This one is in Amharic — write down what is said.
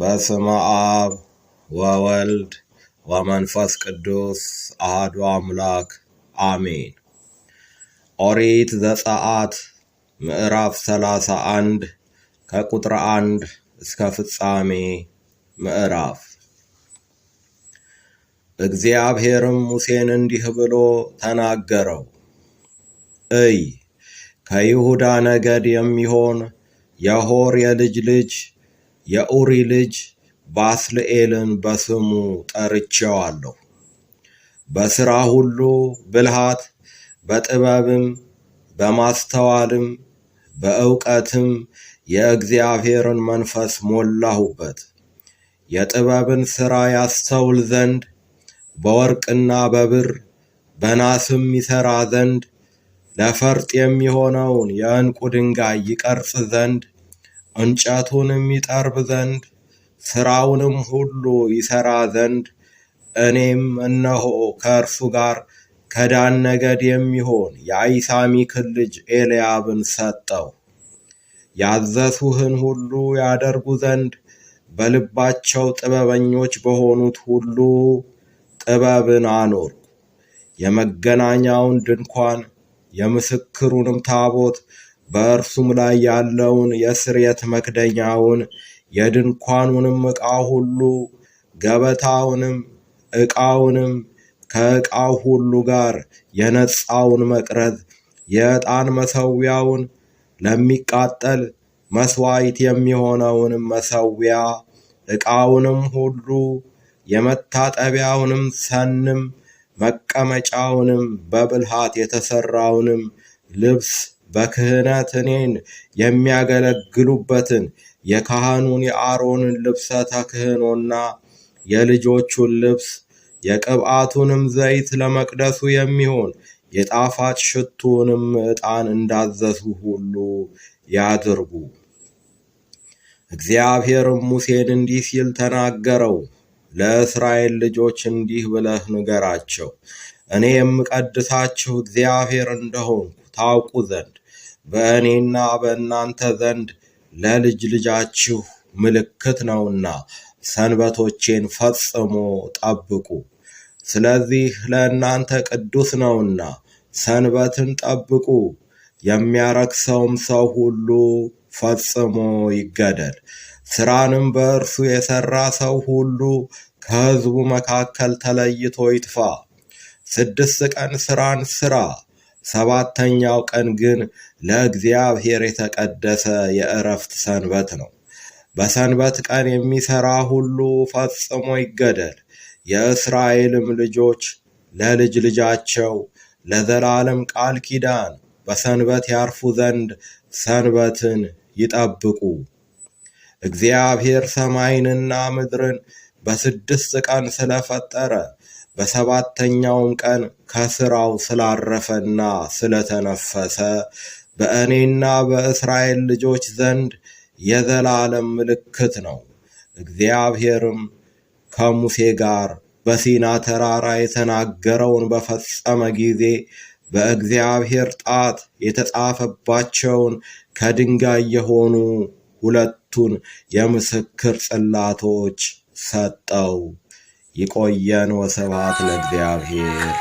በስመ አብ ወወልድ ወመንፈስ ቅዱስ አህዱ አምላክ አሜን። ኦሪት ዘጸአት ምዕራፍ ሰላሳ አንድ ከቁጥር አንድ እስከ ፍጻሜ ምዕራፍ። እግዚአብሔርም ሙሴን እንዲህ ብሎ ተናገረው። እይ ከይሁዳ ነገድ የሚሆን የሆር የልጅ ልጅ የኡሪ ልጅ ባስልኤልን በስሙ ጠርቼዋለሁ። በሥራ ሁሉ ብልሃት፣ በጥበብም በማስተዋልም በእውቀትም የእግዚአብሔርን መንፈስ ሞላሁበት። የጥበብን ሥራ ያስተውል ዘንድ በወርቅና በብር በናስም ይሠራ ዘንድ ለፈርጥ የሚሆነውን የእንቁ ድንጋይ ይቀርጽ ዘንድ እንጨቱንም ይጠርብ ዘንድ ሥራውንም ሁሉ ይሠራ ዘንድ እኔም እነሆ ከእርሱ ጋር ከዳን ነገድ የሚሆን የአይሳሚክን ልጅ ኤልያብን ሰጠው። ያዘሱህን ሁሉ ያደርጉ ዘንድ በልባቸው ጥበበኞች በሆኑት ሁሉ ጥበብን አኖር የመገናኛውን ድንኳን የምስክሩንም ታቦት በእርሱም ላይ ያለውን የስርየት መክደኛውን የድንኳኑንም ዕቃ ሁሉ ገበታውንም ዕቃውንም ከዕቃው ሁሉ ጋር የነጻውን መቅረዝ የዕጣን መሠዊያውን ለሚቃጠል መሥዋዕት የሚሆነውንም መሠዊያ ዕቃውንም ሁሉ የመታጠቢያውንም ሰንም መቀመጫውንም በብልሃት የተሠራውንም ልብስ በክህነትኔን የሚያገለግሉበትን የካህኑን የአሮንን ልብሰ ተክህኖና የልጆቹን ልብስ የቅብአቱንም ዘይት ለመቅደሱ የሚሆን የጣፋጭ ሽቱንም ዕጣን እንዳዘሱ ሁሉ ያድርጉ። እግዚአብሔርም ሙሴን እንዲህ ሲል ተናገረው፣ ለእስራኤል ልጆች እንዲህ ብለህ ንገራቸው እኔ የምቀድሳችሁ እግዚአብሔር እንደሆንኩ ታውቁ ዘንድ በእኔና በእናንተ ዘንድ ለልጅ ልጃችሁ ምልክት ነውና ሰንበቶቼን ፈጽሞ ጠብቁ። ስለዚህ ለእናንተ ቅዱስ ነውና ሰንበትን ጠብቁ። የሚያረክሰውም ሰው ሁሉ ፈጽሞ ይገደል። ስራንም በእርሱ የሰራ ሰው ሁሉ ከሕዝቡ መካከል ተለይቶ ይጥፋ። ስድስት ቀን ስራን ሥራ፣ ሰባተኛው ቀን ግን ለእግዚአብሔር የተቀደሰ የእረፍት ሰንበት ነው። በሰንበት ቀን የሚሠራ ሁሉ ፈጽሞ ይገደል። የእስራኤልም ልጆች ለልጅ ልጃቸው ለዘላለም ቃል ኪዳን በሰንበት ያርፉ ዘንድ ሰንበትን ይጠብቁ። እግዚአብሔር ሰማይንና ምድርን በስድስት ቀን ስለፈጠረ በሰባተኛውም ቀን ከስራው ስላረፈና ስለተነፈሰ በእኔና በእስራኤል ልጆች ዘንድ የዘላለም ምልክት ነው። እግዚአብሔርም ከሙሴ ጋር በሲና ተራራ የተናገረውን በፈጸመ ጊዜ በእግዚአብሔር ጣት የተጻፈባቸውን ከድንጋይ የሆኑ ሁለቱን የምስክር ጽላቶች ሰጠው። ይቆየን። ወስብሐት ለእግዚአብሔር።